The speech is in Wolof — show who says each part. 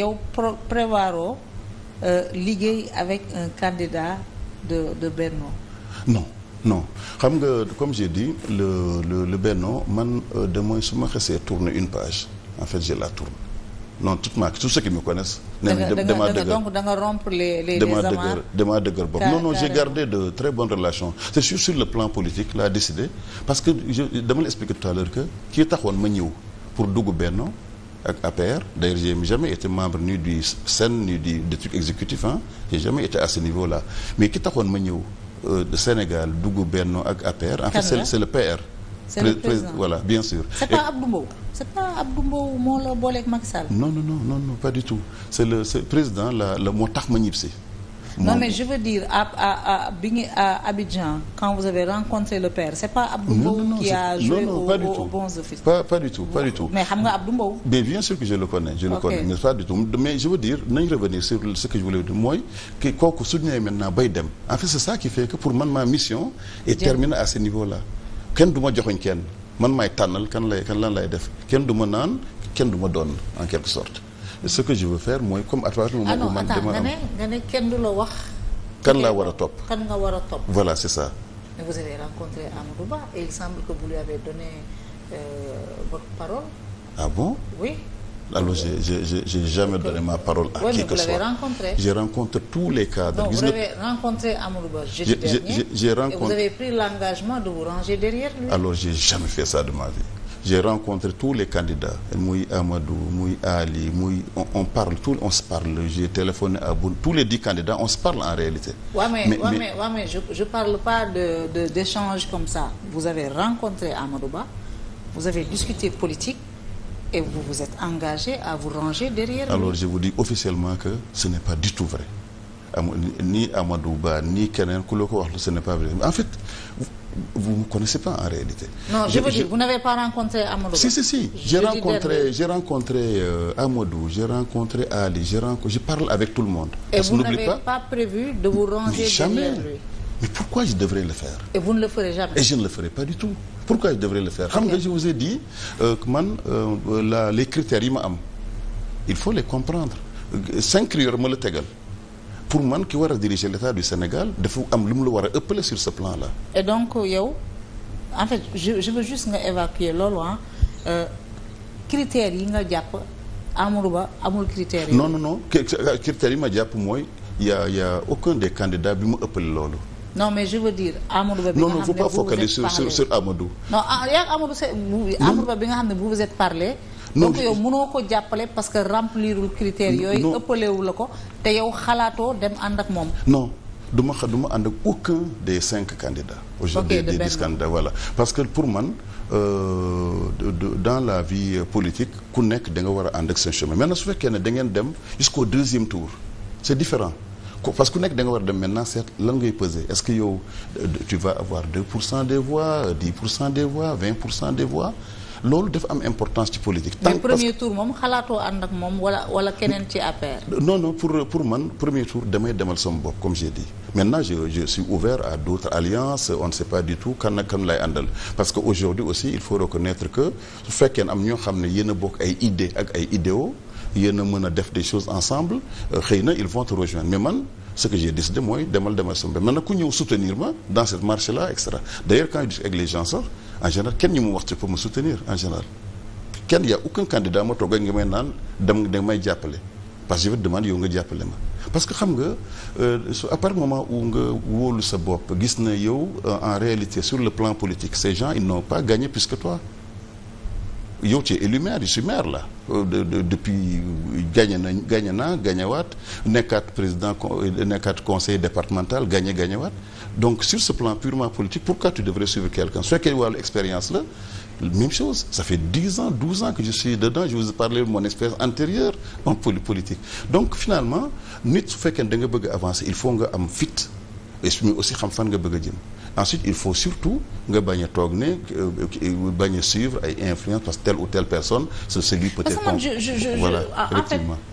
Speaker 1: yow prévoiroo euh, liggéey avec un candidat de Benno
Speaker 2: non non xam nga comme j'ai dit le le le Benno man euh, de su ma xesee tourner une page en fait je la tourne non tout ma tous ceux qui me connaissent. nee nañ damaa dëgër donc
Speaker 1: da nga les les les amarres
Speaker 2: damaa dëgër boobu non non j'ai gardé de très bonnes relations c'est sûr sur le plan politique laa décidé parce que je dama la expliqué tout à l'heure que kii taxoon ma ñëw pour dugg Benno ak APR d'ailleurs j'ai jamais été membre ni du SEN ni du des trucs exécutifs ah j'ai jamais été à ce niveau là mais ki taxoon ma ñëw euh, Sénégal dugg Benno ak APR en fait c'est le PR c'est le président voilà bien sûr c'est pas Abdou
Speaker 1: Mbow c'est pas Abdou Mbow moo la booleeg Macky Sall
Speaker 2: non non non non non pas du tout c'est le c'est président la la moo tax ma ñibbisi non
Speaker 1: mais je veux dire bi ngi à Abidjan quand vous avez rencontré le père c'est pas Abdou Mbow qui a joué non, non, pas au, du tout. aux
Speaker 2: bons offices pas, pas du tout pas du tout mais xam nga Abdou Mbow mais bien sûr que je le connais je le connais mais pas du tout mais je veux dire nañ revenir sur ce que mooy que kooku su ñëwee maintenant bay dem en fait c'est ça qui fait que pour man ma mission est terminée à ce niveau là kenn du ma joxoñ kenn man maay tànnal kan lay kan lan lay def kenn du ma naan kenn du ma doon en ce que je veux faire mooy comme à partir du moment ah où man
Speaker 1: nga ne kenn du la wax.
Speaker 2: kan laa war a topp
Speaker 1: kan nga war a topp.
Speaker 2: voilà c'est ça.
Speaker 1: mais vous avez rencontré Amadou et il semble que vous avez donné euh, votre parole.
Speaker 2: ah bon alors j'ai jamais donné ma parole à oui, qui j'ai rencontré tous les cadres. gis nga
Speaker 1: vous j'ai rencontré de vous ranger derrière lui.
Speaker 2: alors j'ai jamais fait ça de ma vie. j'ai rencontre tous les candidats muy Amadou muy Ali muy on, on parle tout on se parle j'ai téléphoné à Boun tous les dix candidats on se en réalité
Speaker 1: ouais, mais, mais, ouais, mais, mais, ouais, mais je, je parle pas de, de d'échange comme ça vous avez rencontré Amadou Ba vous avez discuté politique et vous vous êtes engagé à vous ranger derrière alors
Speaker 2: lui. que ce n'est pas du tout vrai am ni Amadou Ba ni keneen ku la ko wax ce n'est pas vrai en fait vous ne connaissez pas en réalité. non je, je veux dire vous
Speaker 1: n'avez pas rencontré Amadou Ba. si si j'ai rencontré
Speaker 2: j'ai euh, j'ai rencontré Ali j'ai rencontré je parle avec tout le monde. et parce vous n'avez
Speaker 1: pas, prévu de vous ranger derrière
Speaker 2: lui. pourquoi je devrais le faire.
Speaker 1: et vous le ferez jamais. et
Speaker 2: je ne le ferai pas du tout. pourquoi je devrais le faire. xam okay. nga je vous ai dit euh, man euh, les critères yi ma am il faut les comprendre euh, cinq critères ma la tegal. pour man ki war a diriger l'état du Sénégal dafa am lu mu la war a ëppale sur ce plan là.
Speaker 1: et donc euh, yow en fait je juste nga évacuer loolu ah critères yi nga jàpp Amadou Ba amul critère yi. non non
Speaker 2: non critères yi ma jàpp mooy y' a aucun des candidats bi mu ëppale loolu.
Speaker 1: non mais je veux dire Amadou Ba. bi nga xam ne non ah, non Ba bi nga xam ne vous vous êtes parlé. donc yow mënoo ko jàppale parce que remplirul critères yooyu ëppalewu la ko te yow xalaatoo dem ànd ak moom
Speaker 2: non du ma xa du ma ànd ak aucun des cinq candidats aujourd'hui okay, des dix candidats voilà parce que pour man euh, dans la vie politique ku nekk da nga war a ànd ak seen chemin maintenant su fekkee ne da ngeen dem jusqu'au deuxième tour c'est différent parce que ku nekk da nga war a dem maintenant seet lan ngay peser est-ce que yow euh, tu vas avoir 2 pour cent des voix 10 pour cent des voix 20 pour cent des voix loolu dafa am importance ci politique. tant premier
Speaker 1: tour moom xalaatoo ànd ak moom wala wala keneen ci APR.
Speaker 2: no non pour pour man premier tour damay demal sama bokk comme j'ai dit maintenant je je suis ouvert à d'autres alliances on ne sait pas du tout kan ak kan lay àndal parce que aujourd'hui aussi il faut reconnaître que su fekkee am ñoo xam ne yéen a bokk ay idées ak ay idéaux yéen a mën a def des choses ensemble euh, xëy na ils vont te rejoindre mais man. ce que j'ai décidé mooy demal demal sa mbéy maintenant ku ñëw soutenir ma dans cette marche là et cetera d'ailleurs quand je discute avec les gens sax kenn ñu mu wax ci pour me soutenir en général kenn y a aucun candidat ma toog ak nga may naan dem da may jàppale parce que demand vais yow nga jàppale ma parce que xam nga euh, su à partir moment où nga wóolu sa bopp gis na yow euh, en réalité sur le plan politique ces gens ils n'ont pas gagné plus que toi yow ci es élu maire je suis de, de, depuis gagné na gagné na gagnéwaat nekkaat président euh, nekkaat conseil départemental gagné gagnéwaat donc sur ce plan purement politique pourquoi tu devrais suivre quelqu'un su fekkee wàllu expérience la même chose ça fait dix ans douze ans que je suis dedans je vous ai parlé de mon expérience antérieure en politique donc finalement nit su fekkee da nga bëgg avancer il faut nga am fit et aussi xam fan nga bëgg a jëm ensuite il faut surtout nga bañ a toog ne euh, euh, bañ a suivre ay influence parce que telle ou telle personne c'est celui peut-être voilà effectivement